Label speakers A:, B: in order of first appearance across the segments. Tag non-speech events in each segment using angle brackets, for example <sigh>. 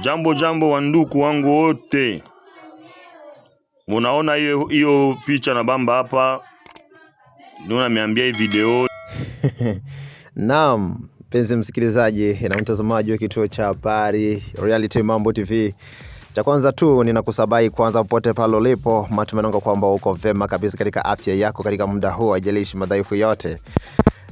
A: Jambo jambo wa nduku wangu wote, unaona hiyo hiyo picha na bamba hapa, ndio nameambia hii video <laughs> naam. Mpenzi msikilizaji na mtazamaji wa kituo cha habari Reality Mambo TV, cha kwanza tu ninakusabai kwanza, popote pale ulipo, matumaini yangu kwamba uko vema kabisa katika afya yako katika muda huu, ajalishi madhaifu yote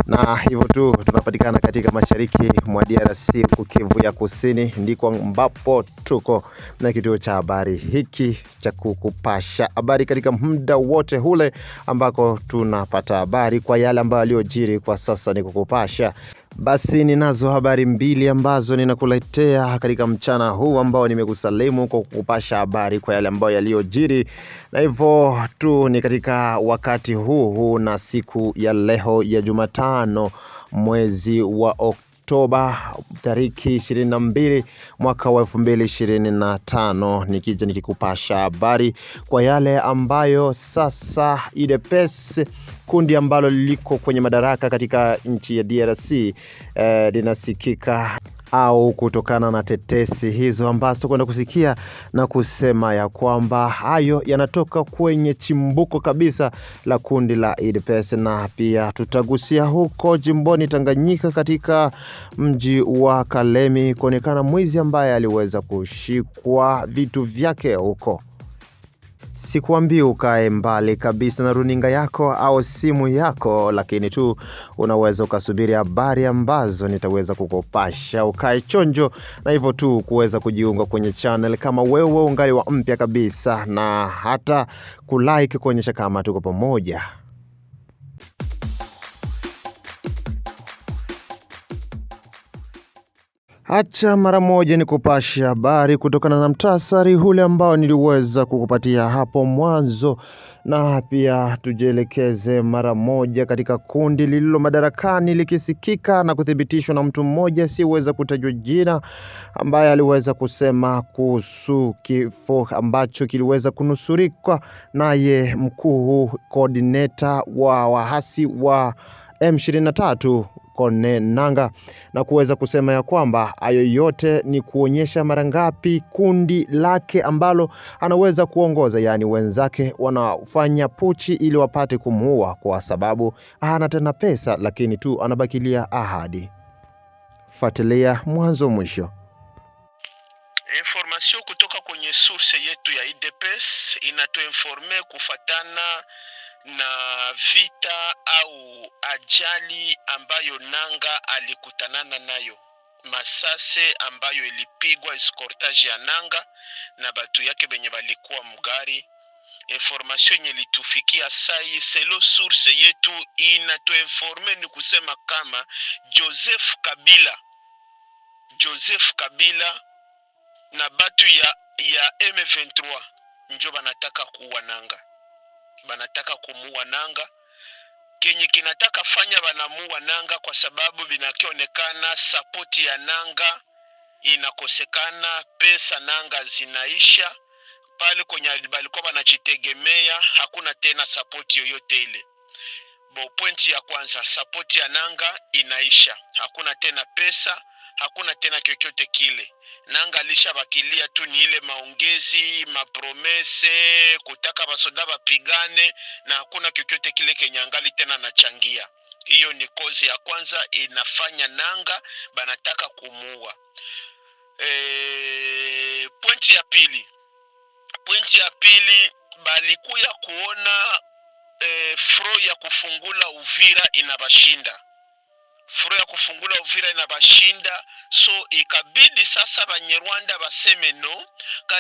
A: na hivyo tu tunapatikana katika mashariki mwa DRC huku Kivu ya Kusini, ndiko ambapo tuko na kituo cha habari hiki cha kukupasha habari katika muda wote ule ambako tunapata habari kwa yale ambayo yaliyojiri kwa sasa, ni kukupasha basi ninazo habari mbili ambazo ninakuletea katika mchana huu ambao nimekusalimu kwa kupasha habari kwa yale ambayo yaliyojiri, na hivyo tu ni katika wakati huu huu na siku ya leo ya Jumatano mwezi wa ok Oktoba tariki 22 mwaka wa 2025, nikija nikikupasha habari kwa yale ambayo sasa UDPS e e kundi ambalo liko kwenye madaraka katika nchi ya DRC eh, linasikika au kutokana na tetesi hizo ambazo kwenda kusikia na kusema ya kwamba hayo yanatoka kwenye chimbuko kabisa la kundi la IDPS, na pia tutagusia huko jimboni Tanganyika katika mji wa Kalemi kuonekana mwizi ambaye aliweza kushikwa vitu vyake huko. Sikuambii ukae mbali kabisa na runinga yako au simu yako, lakini tu unaweza ukasubiri habari ambazo nitaweza kukopasha, ukae chonjo na hivyo tu kuweza kujiunga kwenye channel kama wewe ungali wa mpya kabisa, na hata kulike kuonyesha kama tuko pamoja. Acha mara moja ni kupashe habari kutokana na mtasari hule ambao niliweza kukupatia hapo mwanzo, na pia tujielekeze mara moja katika kundi lililo madarakani likisikika na kuthibitishwa na mtu mmoja asiyeweza kutajwa jina, ambaye aliweza kusema kuhusu kifo ambacho kiliweza kunusurikwa naye mkuu coordinator wa waasi wa M23 Kone Nanga na kuweza kusema ya kwamba hayo yote ni kuonyesha mara ngapi kundi lake ambalo anaweza kuongoza, yaani wenzake wanafanya puchi ili wapate kumuua kwa sababu hana tena pesa, lakini tu anabakilia ahadi. Fuatilia mwanzo mwisho.
B: information kutoka kwenye source yetu ya IDPS inatuinforme kufatana na vita au ajali ambayo Nanga alikutanana nayo, masase ambayo ilipigwa escortage ya Nanga na batu yake benye balikuwa mgari. Information yenye litufikia sai selo source yetu inatuinforme ni kusema kama Joseph Kabila, Joseph Kabila na batu ya, ya M23 njo banataka kuwa Nanga banataka kumuua nanga kenye kinataka fanya banamua nanga kwa sababu binakionekana sapoti ya nanga inakosekana, pesa nanga zinaisha pale kwenye balikuwa banajitegemea, hakuna tena sapoti yoyote ile. Bo, pointi ya kwanza, sapoti ya nanga inaisha, hakuna tena pesa, hakuna tena chochote kile nanga alishabakilia tu ni ile maongezi mapromese, kutaka basoda bapigane na hakuna kyokyote kile kenyangali tena nachangia. Hiyo ni kozi ya kwanza inafanya nanga banataka kumuua. E, pointi ya pili, pointi ya pili balikuya kuona e, fro ya kufungula Uvira inabashinda, fro ya kufungula Uvira inabashinda So ikabidi sasa Banyarwanda baseme no ka,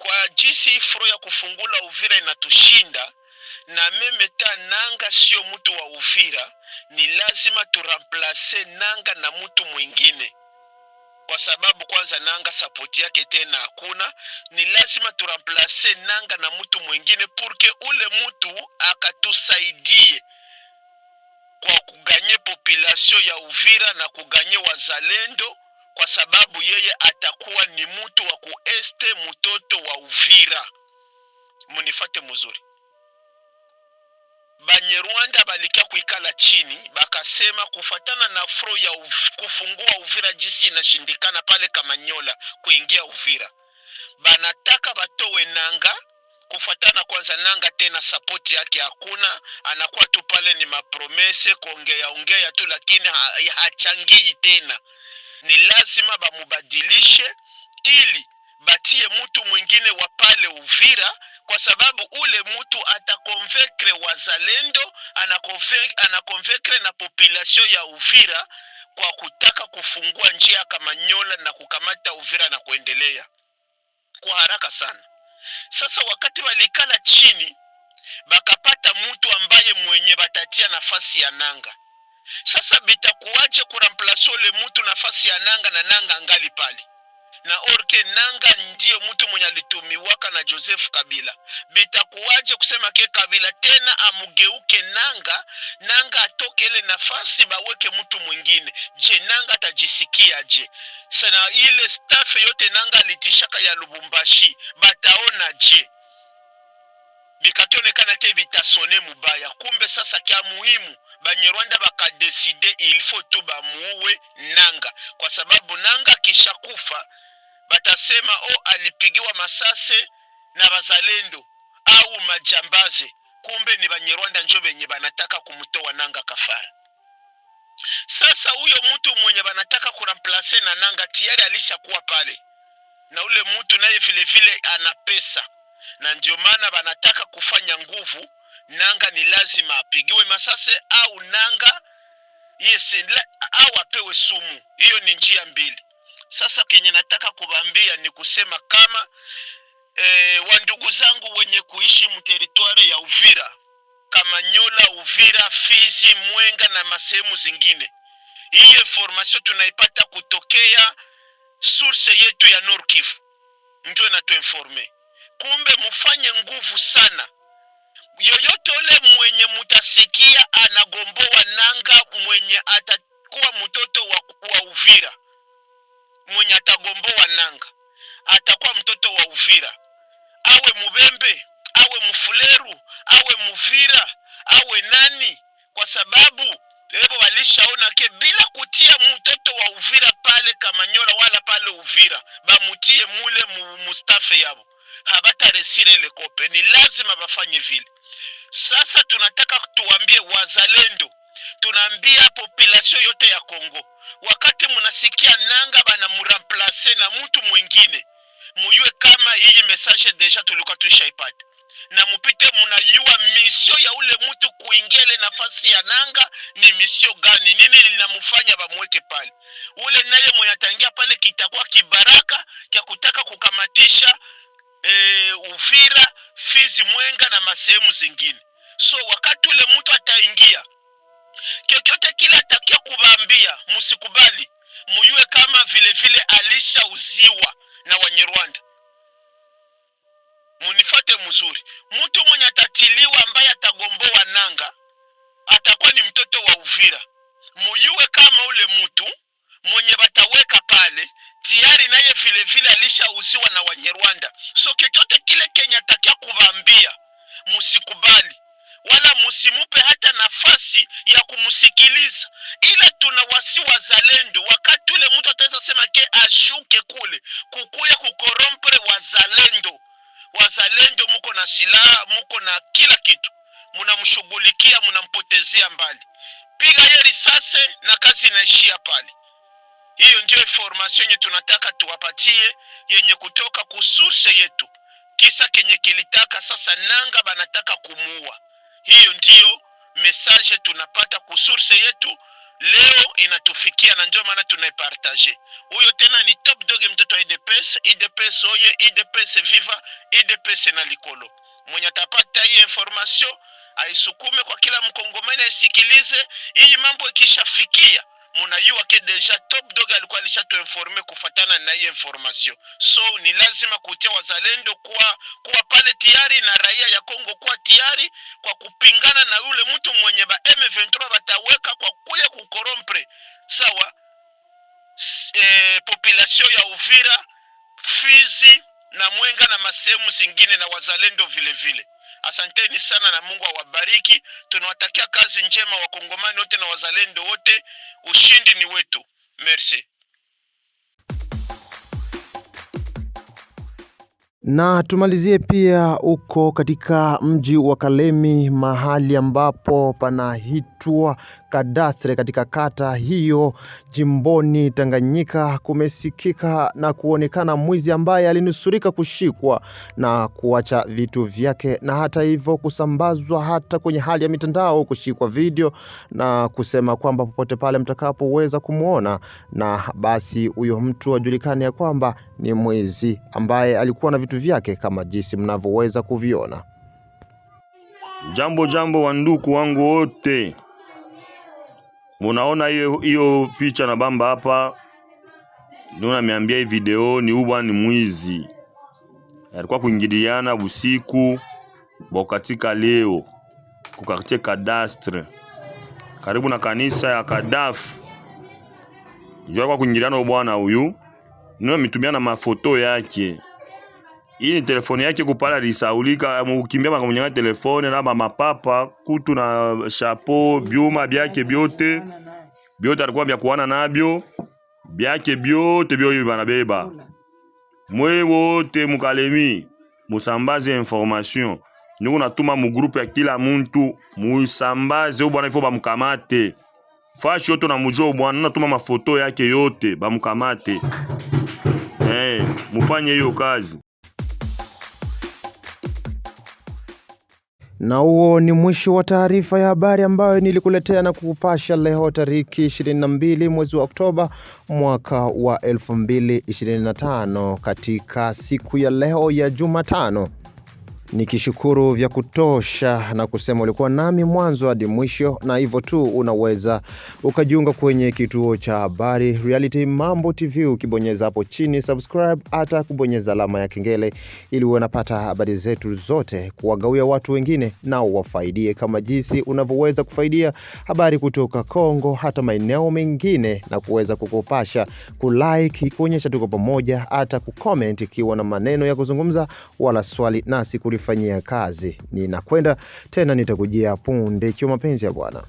B: kwa jinsi ifuro ya kufungula Uvira inatushinda na meme ta nanga sio mtu wa Uvira, ni lazima turamplase nanga na mtu mwingine kwa sababu kwanza nanga sapoti yake tena hakuna. Ni lazima turamplase nanga na mtu mwingine, purke ule mtu akatusaidie kwa kuganye population ya Uvira na kuganye wazalendo, kwa sababu yeye atakuwa ni mtu wa kueste, mtoto wa Uvira. Munifate muzuri, Banyarwanda balikia kuikala chini, bakasema kufatana na fro ya uv, kufungua Uvira jisi inashindikana pale Kamanyola kuingia Uvira, banataka batowe nanga kufatana kwanza nanga tena sapoti yake hakuna, anakuwa tu pale ni mapromese kuongea ongea tu, lakini ha, hachangii tena. Ni lazima bamubadilishe ili batie mtu mwingine wa pale Uvira kwa sababu ule mtu atakonvekre wazalendo, anakonvekre na population ya Uvira kwa kutaka kufungua njia ya Kamanyola na kukamata Uvira na kuendelea kwa haraka sana. Sasa wakati walikala chini, bakapata mtu ambaye mwenye batatia nafasi ya nanga. Sasa bitakuwaje kuramplasole mtu nafasi ya nanga na nanga angali pale? na orke nanga ndiye mtu mwenye alitumiwaka na Joseph Kabila. Bitakuwaje kusema ke Kabila tena amugeuke nanga nanga atoke ile nafasi baweke mtu mwingine? Je, nanga atajisikia je Sana ile staff yote nanga litishaka ya Lubumbashi bataona je? bikakionekana ke bitasone mubaya, kumbe sasa kya muhimu Banyarwanda bakadeside ilifo tu bamuue nanga, kwa sababu nanga kishakufa batasema o, alipigiwa masase na bazalendo au majambaze, kumbe ni Banyarwanda njo benye banataka kumtoa nanga kafara. Sasa huyo mtu mwenye banataka kuramplase na nanga tayari alishakuwa pale, na ule mtu naye vile vile ana pesa, na ndio maana banataka kufanya nguvu. Nanga ni lazima apigiwe masase au nanga yes, au apewe sumu. Hiyo ni njia mbili. Sasa kenye nataka kubambia ni kusema kama e, eh, wandugu zangu wenye kuishi mteritwari ya Uvira, Kamanyola, Uvira, Fizi, Mwenga na masehemu zingine, hii informasio tunaipata kutokea source yetu ya Nord Kivu, njo inatuinforme. Kumbe mufanye nguvu sana yoyote ule mwenye mutasikia anagomboa nanga mwenye atakuwa mtoto wa, wa Uvira mwenye atagomboa nanga atakuwa mtoto wa Uvira, awe Mubembe, awe Mfuleru, awe Muvira, awe nani, kwa sababu Ebo walishaona ke bila kutia mtoto wa Uvira pale Kamanyola wala pale Uvira, bamutie mule mustafe yabo, habata resire ile kope. Ni lazima bafanye vile. Sasa tunataka tuwambie wazalendo tunaambia population yote ya Kongo, wakati munasikia nanga bana muramplace na mutu mwingine, muyue kama hii message deja tulikuwa tulishaipata na mupite munayua misio ya ule mtu kuingia ile nafasi ya nanga ni misio gani, nini linamufanya bamweke pale. Ule naye mwenye atangia pale kitakuwa kibaraka kya kutaka kukamatisha e, Uvira, Fizi, Mwenga na masehemu zingine. So wakati ule mtu ataingia kila atakia kubambia musikubali, muyue kama vile vile alishauziwa na Wanyarwanda. Munifate mzuri, mtu mwenye atatiliwa ambaye atagomboa nanga atakuwa ni mtoto wa Uvira. Muyue kama ule mtu mwenye bataweka pale tayari naye vile vile alishauziwa na Wanyarwanda, so chochote kile kenye msimupe hata nafasi ya kumsikiliza, ila tuna wasi wazalendo. Wakati ule mtu ataweza sema ke ashuke kule kukuya kukorompre wazalendo. Wazalendo muko na silaha, muko na kila kitu, munamshughulikia, munampotezea mbali, piga ye risase na kazi inaishia pale. Hiyo ndio information yenye tunataka tuwapatie, yenye kutoka kususe yetu, kisa kenye kilitaka sasa nanga banataka kumuua hiyo ndiyo message tunapata source yetu leo inatufikia, na ndio maana tunaipartage. Huyo tena ni top dog, mtoto wa IDPS, IDPS oye, IDPS viva, IDPS na likolo. Mwenye atapata hii information aisukume kwa kila mkongomani aisikilize, hii mambo ikishafikia munajua ke deja top dog alikuwa tuinforme kufatana na hii information. So ni lazima kutia wazalendo kuwa, kuwa pale tiari na raia ya Kongo kuwa tiari kwa kupingana na yule mtu mwenye ba M23 bataweka kwa kuya kukorompre sawa e, population ya Uvira, Fizi na Mwenga na masehemu zingine na wazalendo vilevile vile. Asanteni sana na Mungu awabariki. Tunawatakia kazi njema wakongomani wote na wazalendo wote. Ushindi ni wetu. Merci.
A: Na tumalizie pia huko katika mji wa Kalemi mahali ambapo panahitwa kadastre katika kata hiyo jimboni Tanganyika, kumesikika na kuonekana mwizi ambaye alinusurika kushikwa na kuacha vitu vyake, na hata hivyo kusambazwa hata kwenye hali ya mitandao, kushikwa video na kusema kwamba popote pale mtakapoweza kumwona, na basi huyo mtu ajulikane ya kwamba ni mwizi ambaye alikuwa na vitu vyake kama jinsi mnavyoweza kuviona. Jambo jambo, wanduku wangu wote. Munaona hiyo hiyo picha na bamba hapa, ndio namiambia hii video ni ubwa ni mwizi alikuwa kuingiliana busiku katika leo kukartie kadastre karibu na kanisa ya kadaf ndio alikuwa kuingiliana bwana huyu, ndio mitumia na mafoto yake ili telefoni yake kupala lisaulika mukimbia bakamunyanga telefone na bamapapa kutu na shapo byuma byake byote byote alikuwa byakuwana nabyo byake byote byoyo banabeba. Mwe wote mukalemi musambaze information niku natuma mugrupu ya kila muntu muisambaze, ubwana ifo bamukamate fashi yote na mujua ubwana, natuma mafoto yake yote bamukamate. Hey, eh, mufanye hiyo kazi. Na huo ni mwisho wa taarifa ya habari ambayo nilikuletea na kukupasha leo tariki 22 mwezi wa Oktoba mwaka wa 2025 katika siku ya leo ya Jumatano nikishukuru vya kutosha na kusema ulikuwa nami mwanzo hadi mwisho, na hivyo tu unaweza ukajiunga kwenye kituo cha habari Reality Mambo TV ukibonyeza hapo chini subscribe, hata kubonyeza alama ya kengele ili uwe unapata habari zetu zote, kuwagawia watu wengine nao wafaidie kama jinsi unavyoweza kufaidia habari kutoka Kongo hata maeneo mengine, na kuweza kukupasha kulike, kuonyesha tuko pamoja, hata kucomment ikiwa na maneno ya kuzungumza wala swali nasi kulifanyia kazi. Ninakwenda tena, nitakujia punde, ikiwa mapenzi ya Bwana.